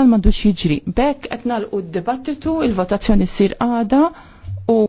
dan m'għandux jiġri. Bekk qed nagħlqu d-dibattitu, il-votazzjoni ssir għada.